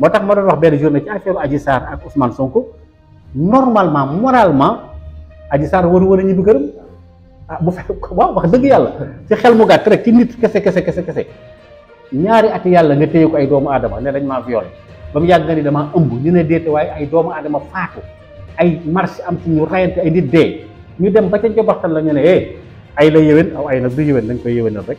moo tax ma doon wax benn journée ci affaire Adji Sarr ak Ousmane Sonko normalement moralement Adji Sarr waru war a ñibbi këram ah bu fekk waaw wax dëgg yàlla ci xel mu gàtt rek ci nit kese kese kese kese ñaari at yàlla nga téye ko ay doomu aadama ne dañ ma violé ba mu yàgg nga ni damaa ëmb ñu ne déet waaye ay doomu aadama faatu ay marche am ci ñu rayante ay nit dee ñu dem ba ca jobaxtan la ñu ne eh, ay la yëwén aw ay la du yëwén dañ koy yëwénal rek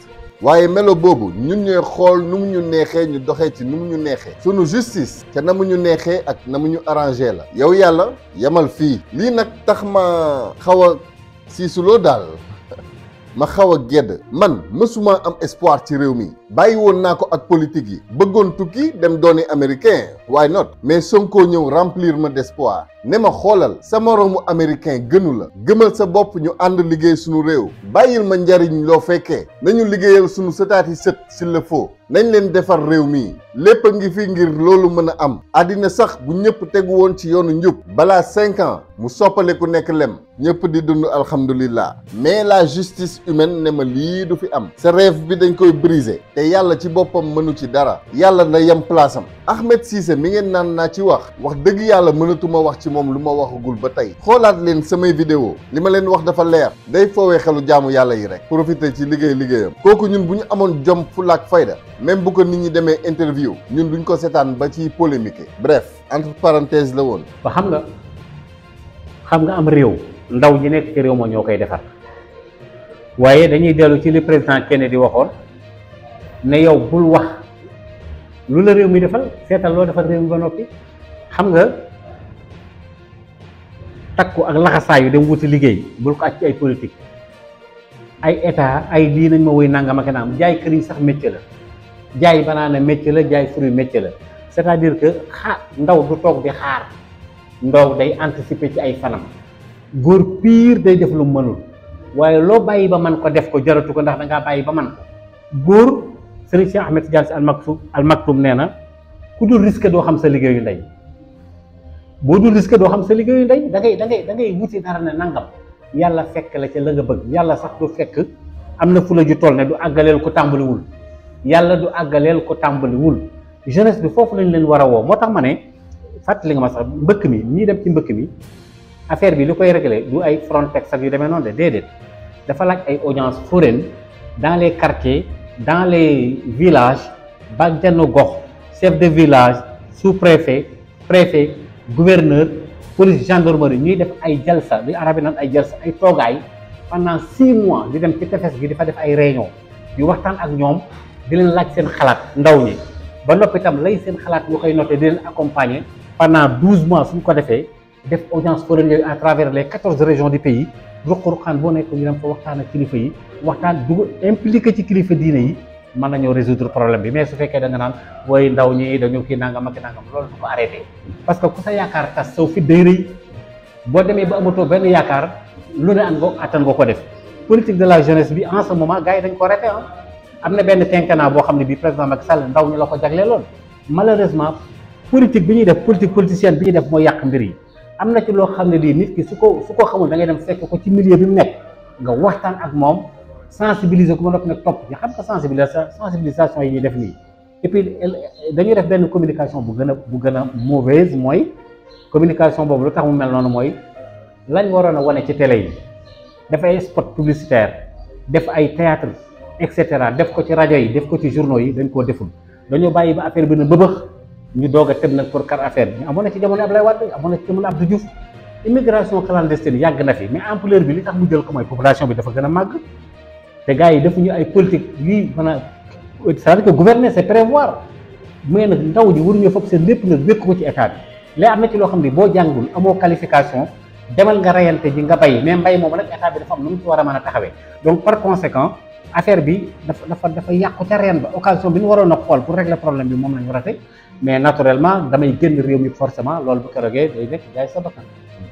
waaye melo boobu ñun ñooy xool nu mu ñu nous ñu doxee ci nu mu ñu neexee sunu justice te na mu ñu neexee ak na mu ñu arrangé la yow yàlla yamal fii lii nag tax ma a ma xaw a gedd man mësuma am espoir ci réew mi bàyyi woon naa ko ak politique yi bëggoon tukki dem dooni américain why not mais Sonko ñëw remplir ma d'espoir ne ma xoolal sa moroomu américain gënu la gëmal sa bopp ñu ànd liggéey sunu réew bàyyil ma njariñ loo fekkee nañu liggéeyal sunu sëtaati sët s'il la faut nañ leen defar réew mii lépp a ngi fi ngir loolu mën a am àddina sax bu ñëpp tegu woon ci yoonu njub balaa cinq ans mu soppale ku nekk lem ñëpp di dund alhamdulillah mais la justice humaine ne ma lii du fi am sa rêve bi dañ koy briser te yàlla ci boppam mënu ci dara yàlla na yem place am Ahmed Cissé mi ngeen naan naa ci wax wax dëgg yàlla mënatuma wax ci moom lu ma waxagul ba tey xoolaat leen samay vidéo li ma leen wax dafa leer day foowee xelu jaamu yàlla yi rek profité ci liggéey kooku ñun bu ñu amoon jom fulaak même bu ko nit ñi demee interview ñun duñ ko seetaan ba ci polémique bref entre parenthèse la woon. ba xam nga xam nga am réew ndaw ñi nekk ci réew ma ñoo koy defar waaye dañuy dellu ci li président Kennedy waxoon ne yow bul wax lu la réew mi defal seetal loo defal réew mi ba noppi xam nga takku ak laxasaayu dem wuti liggéey bul ko aj ay politique ay état ay lii nañ ma woy nangam naa naam jaay kër yi sax métier la. jaay banaana métier la jaay fruit métier la c'est-à-dire que xaar ndaw du toog di xaar ndaw day anticiper ci ay fanam góor pire day def lu mënul waaye loo bàyyi ba man ko def ko jaratu ko ndax da ngaa bàyyi ba man ko góor Sëriñ Cheikh Ahmed Tidiane Sy Al Maktoum Al nee na ku dul risque doo xam sa liggéeyu ndey boo dul risque doo xam sa liggéeyu da ngay da ngay da ngay wuti dara ne nangam yàlla fekk la ca la nga bëgg yàlla sax du fekk am na fu ju toll ne du àggaleel ko tàmbaliwul yàlla du àggaleel ko wul jeunesse bi foofu lañ leen war a woo moo tax nga ma sax mi dem ci mi affaire bi du ay yu demee de ay audience foraine dans les quartiers dans les villages gox chef de village sous-préfet préfet gouverneur police gendarmerie ñuy def ay jalsa li arab naan ay jalsa ay toogaay pendant six mois di dem ci tefes gi di fa def ay di leen laaj seen xalaat ndaw ñi ba noppi lay seen xalaat ñu koy noté di leen accompagner pendant douze mois suñ ko defee def audience foraine yooyu à travers les quatorze régions du pays ruq-ruqaan boo nekk ñu dem fa waxtaan kilifa yi waxtaan dugg impliqué ci kilifa diine yi mën nañoo bi mais su fekkee da naan wooy ndaw ñi dañu kii nangam ak nangam loolu du ko que ku sa yaakaar tas saw fi day rëy boo demee ba amatoo benn yaakaar lu ne an nga attan nga ko def politique de la jeunesse bi en ce dañ ko arrêté ah amna benn quinquennat boo xam ne bii président Macky Sall ndaw ñu la ko jagleeloon malheureusement politique bi ñuy def politique politicienne bi ñuy def mooy yàq mbir yi am na ci loo xam ne lii nit ki su ko su ko xamul da ngay dem fekk ko ci milieu bi mu nekk nga waxtaan ak moom sensibiliser ko ba noppi nag topp ci xam nga sensibilisation sensibilisation yi ñuy def nii et puis dañuy def benn communication bu gën a bu gën a mauvaise mooy communication boobu lu tax mu mel noonu mooy lañ waroon a wane ci télé yi def ay spot publicitaire def ay théâtre et cetera def ko ci rajo yi def ko ci journaux yi dañ koo deful dañoo bàyyi ba affaire bi na bëbëx ñu doog a tëb nag pour kar affaire bi na ci mais ampleur bi li tax mu a màgg te gars yi ay politique lii mën a c'est-à-dire que gouverner c'est prévoir mais nag ndaw ji waruñu foog seen lépp nag wékk ko ci état bi am na ci loo xam ne boo jàngul amoo qualification demal nga reyante ji nga bay mais mbay moom nag état bi dafa am nu mu ci war a mën a taxawee donc par conséquent affaire bi dafa dafa dafa yàqu ca reen ba occasion bi ñu waroon a xool pour régler problème bi moom la ñu rate mais naturellement damay génn réew mi forcément loolu bu ko rogee day nekk jaay sa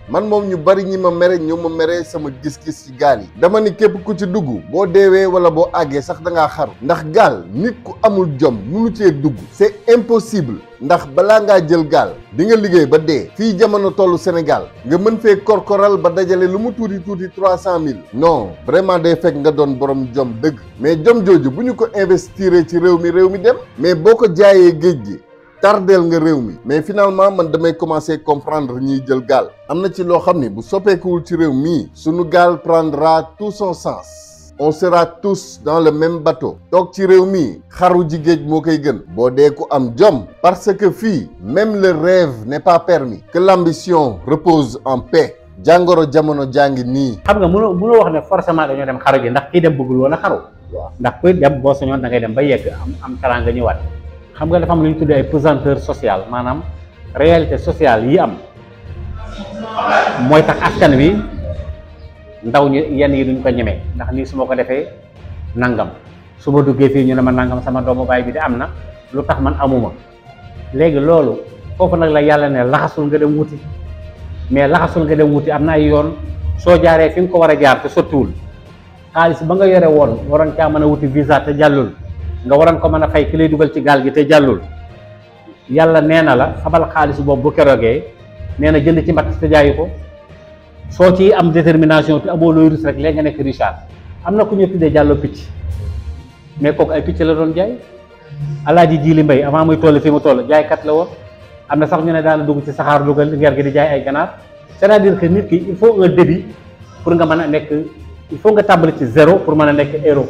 man mom ñu bari ñi ma méré ñoo ma sama gis-gis ci gal yi dama ni képp ku ci dugg bo déwé wala bo aggé sax da nga xaru ndax gal nit ku amul jom mënu ci dugg c'est impossible ndax bala nga jël gal di nga liggéey ba dé fi jamono tollu Sénégal nga mën fé korkoral ba dajalé lu mu touti touti 300000 non vraiment day fék nga don borom jom dëgg mais jom joju buñu ko investir ci réew mi réew mi dem mais boko jaayé geejgi tardeel nga réew mi mais finalement man damay commencer comprendre ñuy jël gaal am na ci loo xam bu soppeekuwul ci réew mii sunu gaal prendra tout son sens on sera tous dans le même bateau toog ci réew mii xaru ji géej moo koy gën boo dee ku am jom parce que fii même le rêve n'est pas permis que l'ambition repose en paix jàngoro jamono jàngi nii. xam nga mënoo mënoo wax ne forcément dañoo dem xaru ji ndax kii dem bëggul woon a xaru. ndax kuy dem boo sañoon da ngay dem ba yegg am am talaa nga xam nga dafa am lu ñu tuddee ay pesanteur social maanaam réalité sociale yi am mooy tax askan wi ndaw ñu yenn yi duñ ko ñemee ndax lii su ma ko defee nangam su ma duggee fii ñu ne ma nangam sama doomu baay bi de am na lu tax man amuma léegi loolu foofu nag la yàlla ne laxasul nga dem wuti mais laxasul nga dem wuti am na ay yoon soo jaaree fi nga ko war a jaar te sottiwul xaalis ba nga yore woon waroon caa mën a wuti visa te jàllul nga waroon ko mën a fay ki lay dugal ci gaal gi te jàllul yàlla nee na la xabal xaalis boobu bu kerogee nee na jënd ci mbatt te jaayu ko soo ci am détermination te amoo looy léegi nga nekk Richard am na ku ñu tuddee jàllo picc mais kooku ay picc la doon jaay alaaji ji li mbey avant muy toll fii mu toll jaaykat la woon am na sax ñu ne daana dugg ci saxaar dugal nger gi di jaay ay ganaar c'est-à-dire que nit ki il faut un début pour nga mën a nekk il faut nga tàmbali ci zéro pour mën a nekk héros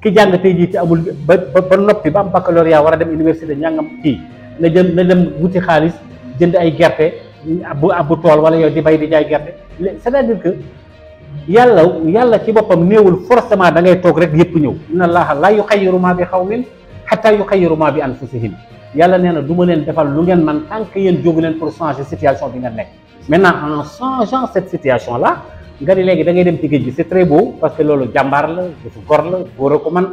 ki jang tay ji ci amul ba ba noppi ba am baccalauréat wara dem université ñangam kii na dem na dem wuti xaalis jënd ay gerté bu bu tol wala yow di bay di jay gerté c'est-à-dire que yalla yalla ci bopam neewul forcément da ngay tok rek yépp ñew inna allaha la yukhayyiru ma bi khawmin hatta yukhayyiru ma bi anfusihim yalla neena duma len defal lu ngeen man tank yeen yéen len pour changer situation bi nga nek maintenant en changeant cette situation là nga ni léegi da ngay dem ci géej gi c'est très beau parce que loolu jàmbaar la dafa gor la góor a ko man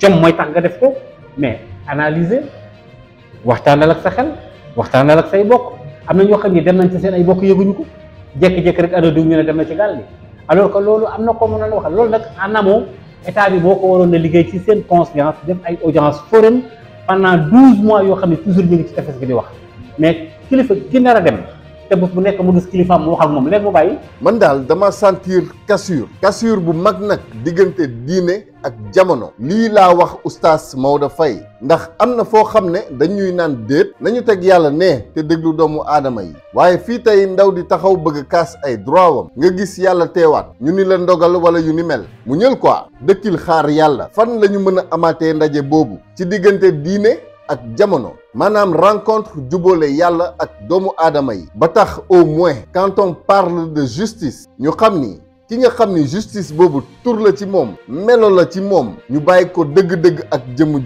jom mooy tax nga def ko mais waxtaan waxtaanal ak sa xel waxtaanal ak say bokk am na ñoo xam ni dem nañ ci seen ay bokk yëguñu ko jékki-jékki rek adadu ñu ne dem na ci gaal gi alors que loolu am na ko mën a la wax loolu nag en amont état bi boo ko waroon a liggéey ci seen conscience def ay audience foraine pendant douze mois yoo xam ne toujours ñu ngi ci tefes gi di wax mais kilifa ki nar a dem te bu nekk mu gis kilifaam mu wax ak moom léegi mu bàyyi. man daal dama sentir cassure. cassure bu mag nag diggante diine ak jamono. lii laa wax oustaz Maodo Faye ndax am na foo xam ne dañuy naan déet. nañu teg yàlla ne te déglu doomu aadama yi. waaye fii tey ndaw di taxaw bëgg kaas ay droit nga gis yàlla teewaat. ñu ni la ndogal wala yu ni mel. mu ñël ko dëkkil xaar yàlla. fan la ñu mën a amaatee ndaje boobu. ci diggante diine ak jamono. Manam rencontre djubole yalla ak doomu adama yi ba au moins quand on parle de justice ñu xamni ki nga xamni justice bobu tur la ci mom melo la ci mom ñu bayiko ko deug ak jëm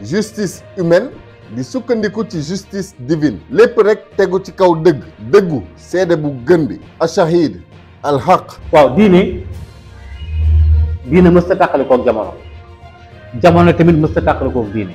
justice humaine di sukkandiku ci justice divine lepp rek teggu ci kaw deug debu seede bu gën bi ashahid alhaq waaw diine diine mës ta tàqalikook jamono jamono tamit mës ta tàqalikook diine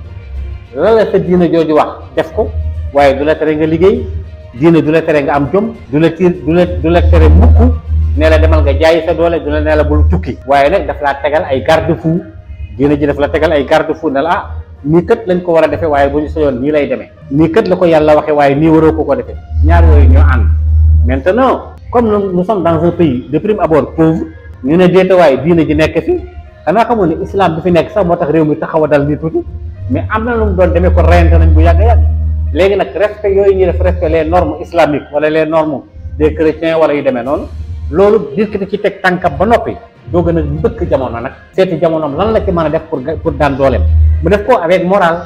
la la sa diina jooju wax def ko waaye du la tere nga liggéey diina du la tere nga am jom du la tiir du la du la tere mukk ne la demal nga jaayi sa doole du la ne la bul tukki waaye nag daf laa tegal ay garde fou diina ji daf la tegal ay garde fou ne la ah nii kët lañ ko war a defee waaye bu ñu yoon nii lay demee nii kët la ko yàlla waxee waaye nii waroo ko ko defee ñaar yooyu ñoo ànd maintenant comme nous sommes dans un pays de prime abord pauvre ñu ne déetawaay diina ji nekk fi xanaa xamoon ne islam bi fi nekk sax moo tax réew mi taxaw a dal nii tuuti mais am na lu mu doon demee ko reyante nañ bu yàgg yàgg léegi nag respect yooyu ñuy def respect les normes islamiques wala lee normes des chrétiens wala yu demee noonu loolu discuter ci teg tànkam ba noppi doo gën a mbëkk jamono nag seeti jamonoom lan la ci mën a def pour pour daan dooleem mu def ko avec morale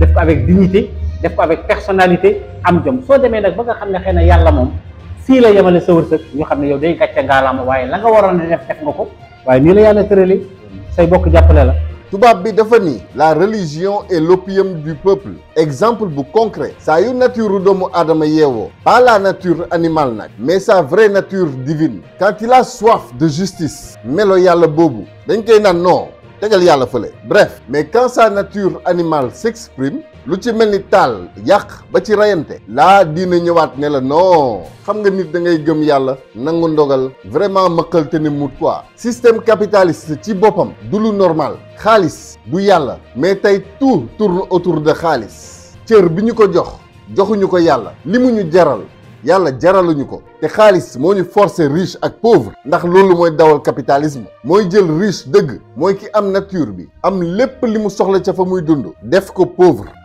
def ko avec dignité def ko avec personnalité am jom soo demee nag ba nga xam ne xëy na yàlla moom fii la yemale sa wërsëg ñu xam ne yow day gàcce ngaalaama waaye la nga waroon a def def nga ko waaye nii la yàlla tërale say bokk jàppale la la religion est l'opium du peuple exemple bu concret sa nature d'homme Adam pas la nature animale mais sa vraie nature divine quand il a soif de justice melo yalla bobu, il le non bref mais quand sa nature animale s'exprime lu ci mel ni taal yàq ba ci rayante laa diina ñëwaat ne la non xam nga nit da ngay gëm yàlla nangu ndogal vraiment mëqal te ne mut quoi ci boppam du lu normal xaalis du yàlla mais tey tout tour autour de xaalis cër bi ñu ko jox joxuñu ko yàlla li mu ñu jaral yàlla jaraluñu ko te xaalis moo ñu forcer riche ak pauvre ndax loolu mooy dawal capitalisme mooy jël riche dëgg mooy ki am nature bi am lépp li mu soxla ca fa muy dund def ko pauvre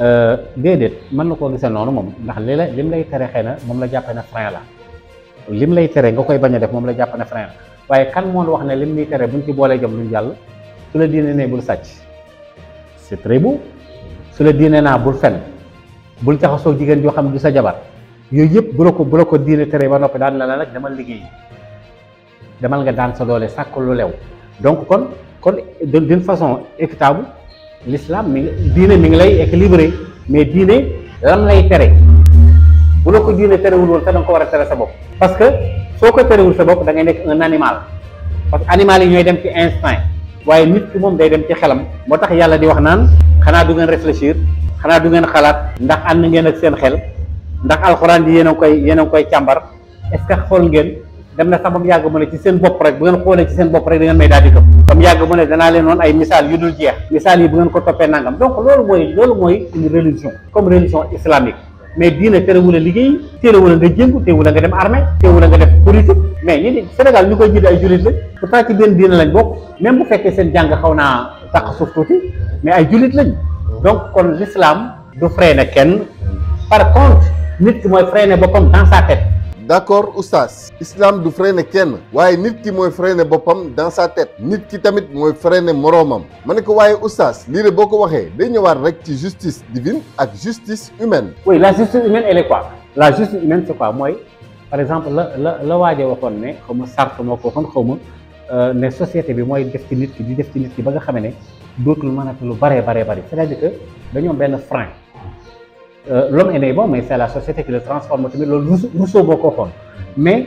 Eh, dedet man nako gisse gisee mom ndax li la lim lay téré xëy mom la jappé na frein la lim lay téré nga koy bañ def mom la jappé na frein waye kan mo wax né lim ni téré buñ ci bolé jëm luñ jall su la diine ne bul sacc c'est très beau su la diine naa bul fenn bul taxaso jigen joo xam du sa jabar yoy yëpp bu la bu ba nopi daan la la demal liggéey demal nga daan sa doolé sakku lu lew donc kon kon d'une façon équitable l'islam mi diine mi ngi lay équilibré mais diine lam lay tere bu la ko diine terewul woon sax da ko war a tere sa bopp parce que soo ko terewul sa bopp da ngay nekk un parce que animal yi ñooy dem ci instinct waaye nit moom day dem ci xelam moo tax yàlla di wax naan xanaa du ngeen réfléchir xanaa du ngeen xalaat ndax ànd ngeen ak seen xel ndax alxuraan di yéen a koy yéen a koy càmbar est-ce que xool ngeen dem na sax ba mu yàgg mu ne ci seen bopp rek bu ngeen xoolee ci seen bopp rek da ngeen may daal di gëm ba mu yàgg mu ne danaa leen noon ay misaal yu dul jeex misaal yi bu ngeen ko toppee nangam donc loolu mooy loolu mooy une religion comme religion islamique mais diine terewul a liggéey terewul a nga jëngu terewul a nga dem armée terewul a nga def politique mais ñi Sénégal ñu koy jiite ay jullit lañ pourtant ci benn diine lañ bokk même bu fekkee seen jàng xaw kenn par contre nit ki mooy freiné boppam dans sa d'accord Oussas, islam du freiné kenn waye nit ki moy dans sa tête nit ki tamit moy ne ko lire day ñëwaat justice divine ak justice humaine. oui la justice humaine elle est quoi la justice humaine c'est quoi par exemple la la la wajé waxoon né xawma sart xawma euh société bi moy def ci ki di def ci ki dootul c'est-à-dire que benn Euh, l'homme est né bon mais c'est la société qui le transforme tamit loolu Rousseau boo ko waxoon mais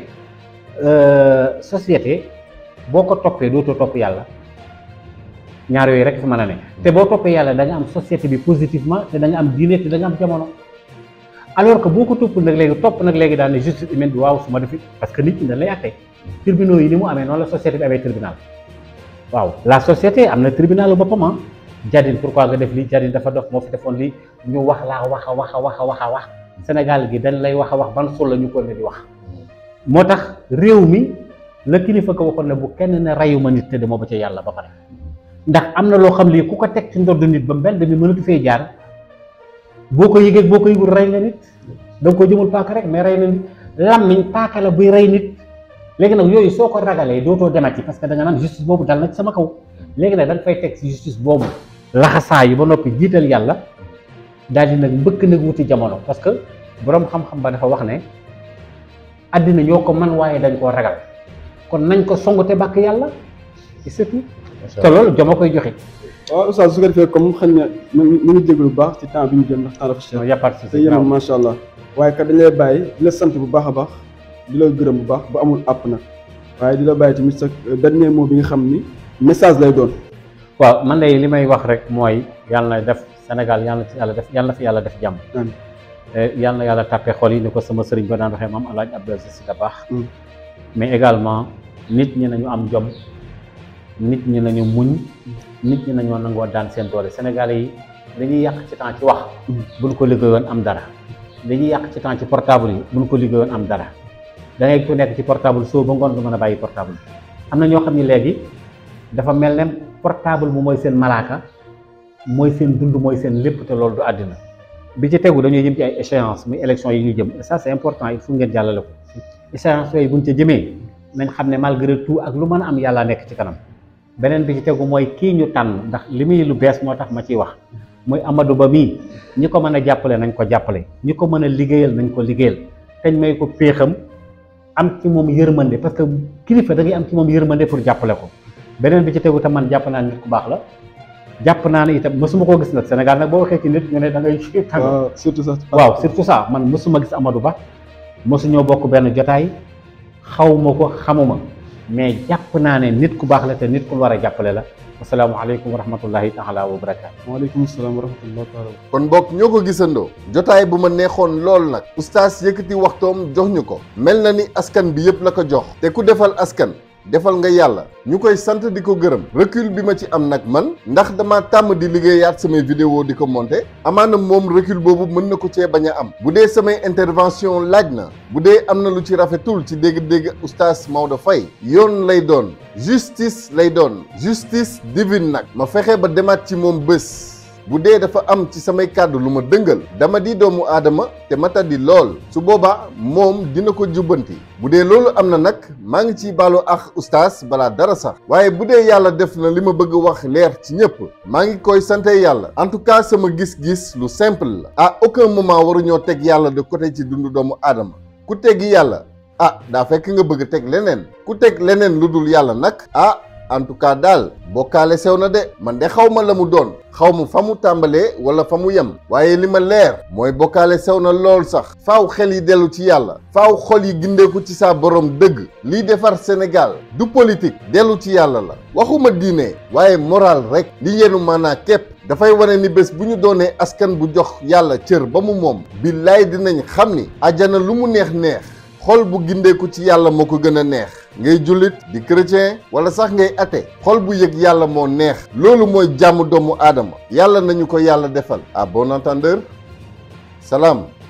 euh, société boo ko toppee dootoo topp yàlla ñaar yooyu rek fi mën ne te boo toppee yàlla da nga am société bi positivement te da am diine te da am jamono alors que boo ko toppul nag léegi topp nag léegi daal ne justice humaine bi waaw su ma defi parce que nit ñi dañ lay àtte tribunaux yi ni mu amee noonu la société bi amee tribunal waaw la société am na tribunal ah. jarin pourquoi nga def li jarin dafa dox mo fi defoon li ñu wax la waxa waxa waxa waxa wax senegal wah. gi dañ lay waxa wax ban xol la ñu ko ne di wax motax rew mi le kilifa ko waxoon ne bu kenn ne rayu ma nit te demoo ba ca yalla ba pare ndax amna lo xam li ku ko tek ci ndodd nit ba mbedd mi tu fe jaar boko yegge boko boo ray nga nit da ko jëmul pak rek mais ray na nit lamiñ pak la buy ray nit legui nak yoyu soko ko doto demati parce que da nga nan justice bobu dal na ci sama kaw legui nak da fay tek ci justice bobu laxasaa yi ba noppi jiital yàlla daal di nag mbëkk nag wuti jamono parce que boroom xam-xam ba dafa wax ne àddina ñoo ko man waaye dañ koo ragal kon nañ ko song te bàkk yàlla ci surtout te loolu joma koy joxe waaw oustaz su ko defee comme xam ne ñu ngi jégalu bu baax ci temps bi ñu jël ndax temps dafa cher te yéen macha allah waaye kat dañ lay bàyyi di la sant bu baax a baax di la gërëm bu baax ba amul àpp nag waaye di la bàyyi tamit sa euh, dernier mot bi nga xam ni message lay doon waaw man lay li may wax rek mooy yàlla na def Sénégal yàlla ci yàlla def yàlla na fi yàlla def jàmm. Eh, yàlla na yàlla tàppe xol yi ni ko sama sëriñ ba daan waxee maam El Hadj Abdou Aziz Sy Dabakh mm. mais également nit ñi nañu am jom nit ñi nañu muñ nit ñi nañoo nangoo daan seen doole Sénégalais yi dañuy yàq ci temps ci wax. Mm. buñ ko liggéeyoon am dara. dañuy yàq ci temps ci portable yi buñ ko liggéeyoon am dara da ngay ku nekk ci portable soo ba ngoon nga mën a bàyyi portable am na ñoo xam ne léegi dafa mel ne portable bu mooy seen malaaka mooy seen dund mooy seen lépp te loolu du àddina bi ci tegu dañuy jëm ci ay échéance muy élection yi ñu jëm et ça c'est important yi faut ngeen jàllale ko échéance yooyu buñ ca jëmee nañ xam ne malgré tout ak lu mën a am yàlla nekk ci kanam beneen bi ci tegu mooy kii ñu tànn ndax li muy lu bees moo tax ma ciy wax muy Amadou Ba mii ñi ko mën a jàppale nañ ko jàppale ñi ko mën a liggéeyal nañ ko liggéeyal teñ may ko péexam am ci moom yërmande parce que kilifa da ngay am ci moom yërmande pour jàppale ko beneen bi ci tegu te man jàpp naa nit ku baax la jàpp naa ne itam mësuma koo gis nag Sénégal nag boo waxee ci nit nga ne da ngay ah, tàng surtout ça waaw surtout ça man mësuma gis Amadou Ba mësu bokk benn jotaay xaw ma ko xamuma mais jàpp naa ne nit ku baax la te nit ku war a jàppale la asalaamaaleykum wa rahmatullahi taala wa barakaatu waaleykum salaam wa rahmatullahi taala kon mbokk ñoo ko gisandoo jotaay bu ma neexoon lool nag oustaz yëkkati waxtoom jox ñu ko mel na ni askan bi yëpp la ko jox te ku defal askan defal nga yàlla ñu koy sant di ko gërëm recul bi ma ci am nag man ndax dama tàmm di liggéeyaat samay vidéo di ko monter amaana moom recul boobu mën na ko cee bañ a am bu dee samay intervention laaj na bu dee am na lu ci rafetul ci dégg-dégg oustaz Maodo Faye yoon lay doon justice lay doon justice divine nag ma fexe ba demaat ci moom bés bu dee dafa am ci samay kàddu lu ma dëngal dama di doomu aadama te mata di lool su boobaa moom dina ko jubbanti bu dee loolu am na nag maa ngi ciy baalu ak ustaas balaa dara sax waaye bu dee yàlla def na li ma bëgg wax leer ci ñépp maa ngi koy sante yàlla en tout cas sama gis-gis lu simple la à aucun moment waruñoo teg yàlla de côté ci dundu doomu aadama ku teggi yàlla ah daa fekk nga bëgg teg leneen ku teg leneen lu dul yàlla nag ah en tout cas daal bokkaale sew na de man de xaw ma la mu doon xaw ma fa mu tàmbalee wala fa mu yem waaye li ma leer mooy bokkaale sew na lool sax faaw xel yi dellu ci yàlla faaw xol yi gindeeku ci saa boroom dëgg liy defar Sénégal du politique dellu ci yàlla la waxuma diine waaye moral rek li yenu maanaa dafay wane ni bés bu ñu doonee askan bu jox yàlla cër ba mu moom billaay dinañ xam ni ajana lu mu neex neex xol bu gindeeku ci yàlla moo ko gën a neex ngay jullit di chrétien wala sax ngay ate xol bu yëg yàlla moo neex loolu mooy jàmm doomu aadama yàlla nañu ko yàlla defal à bon salaam